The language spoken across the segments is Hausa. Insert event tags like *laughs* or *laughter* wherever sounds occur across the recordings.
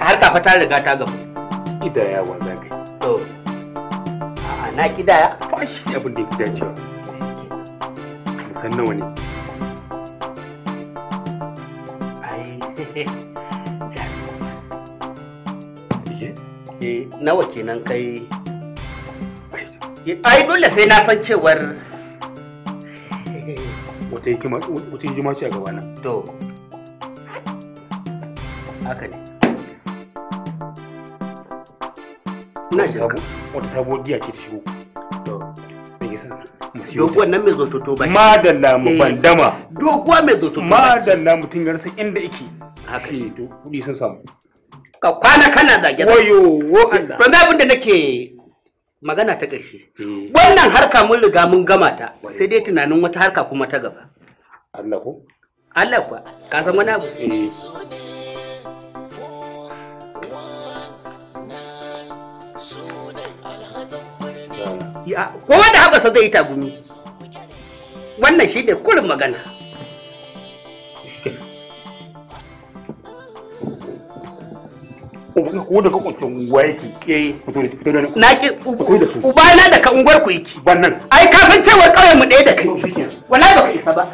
har ka ta riga ta gama kidaya wa za to a na kidaya shi abin da ya fi musan nawa ne *laughs* eh, nawa kenan kai ai dole sai na san cewar wata hikima ce a to haka ne ina jin wata sabuwar giya ce ta shigo doguwar nan mai zototo ba madalla mu eh. bandama doguwa mai zototo madalla mutum ya inda yake haka ne to kudi sun samu ka kwana kana zage wayo wo to abin da nake magana ta ƙarshe hmm. wannan harka mun riga mun gama ta sai dai tunanin wata harka kuma ta gaba Allah ko Allah kuwa ka san wani abu eh. kowa da haɓasa zai yi tagumi wannan shi ne kurin magana Uba da yake eh. fito da na ki ubana da ka unguwar ku yake wannan ai kafin cewar kauyen mu ɗaya da kai wallahi baka isa ba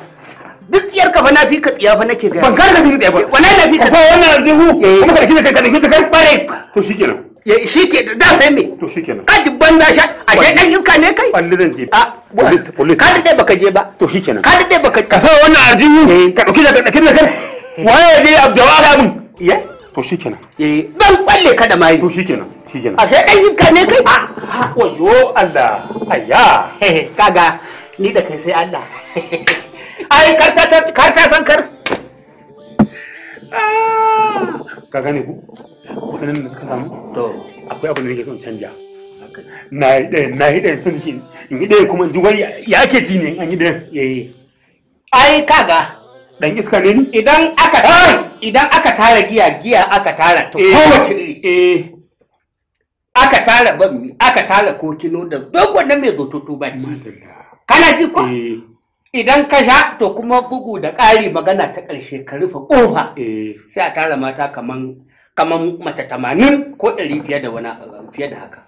ka fa na fi ka tsiya fa nake ga ban kar ka fi ka tsiya ba wannan na fi ka fa wannan arzihu eh. kuma ka kike ka kike kai kware. to shikenan ya shike ke da sai me to shikenan ka ji banza sha a shi dan iska ne kai Wallahi zan je a police. ka dade baka je ba to shikenan ka dade baka ka fa wannan arzihu eh. ka dauki da ka dauki da kai eh. waye je abdawala mun ya to shikenan eh dan kwalle ka da mai to shikenan shikenan a sai dan iska ne kai ah, ah, wayo Allah ayya kaga ni da kai sai Allah *laughs* ai kar ta san kar ah! ka gane ku dan eh. iska ne idan aka idan aka tara giya giya aka tara to eh. kowace iri eh. aka tara bambi aka tara kokino da dogon na mai zototo ba kana ji ko idan ka sha to kuma bugu da ƙari magana ta ƙarshe ka rufe ƙofa eh. sai a tara mata kaman kaman mace tamanin ko ɗari fiye da wani fiye da haka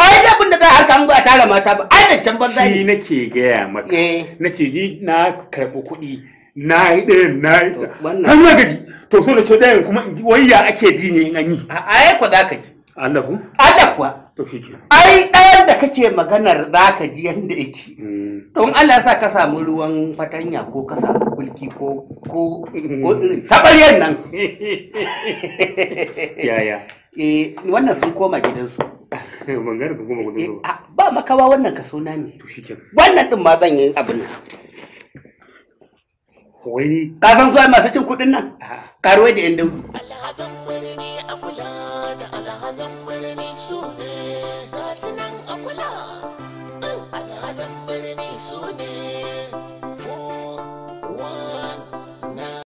ai da abin da za a harka ba a tara mata ba ai da can banza ne nake gaya maka eh. nace ni na karɓi kuɗi na yi ɗayan na yi ɗayan har na gaji to so da so ɗayan kuma wai ya ake ji ne in an yi a ai ko za ka ji Allah ku? Allah kuwa. To shi ke. Ai ɗayan da kake maganar za ka ji yadda yake. Hmm. Don Allah sa ka samu ruwan fatanya ko ka samu kulki ko ko ko hmm. tabaryan nan. Yaya. *laughs* Eh wannan sun koma gidansu. Bangare *laughs* sun koma gidansu. Eh, ba makawa wannan kaso na ne. To shi ke. Wannan din ma zan yi abin nan. Wai. Ka san su masu cin kuɗin nan? karuwa da 'yan daudu.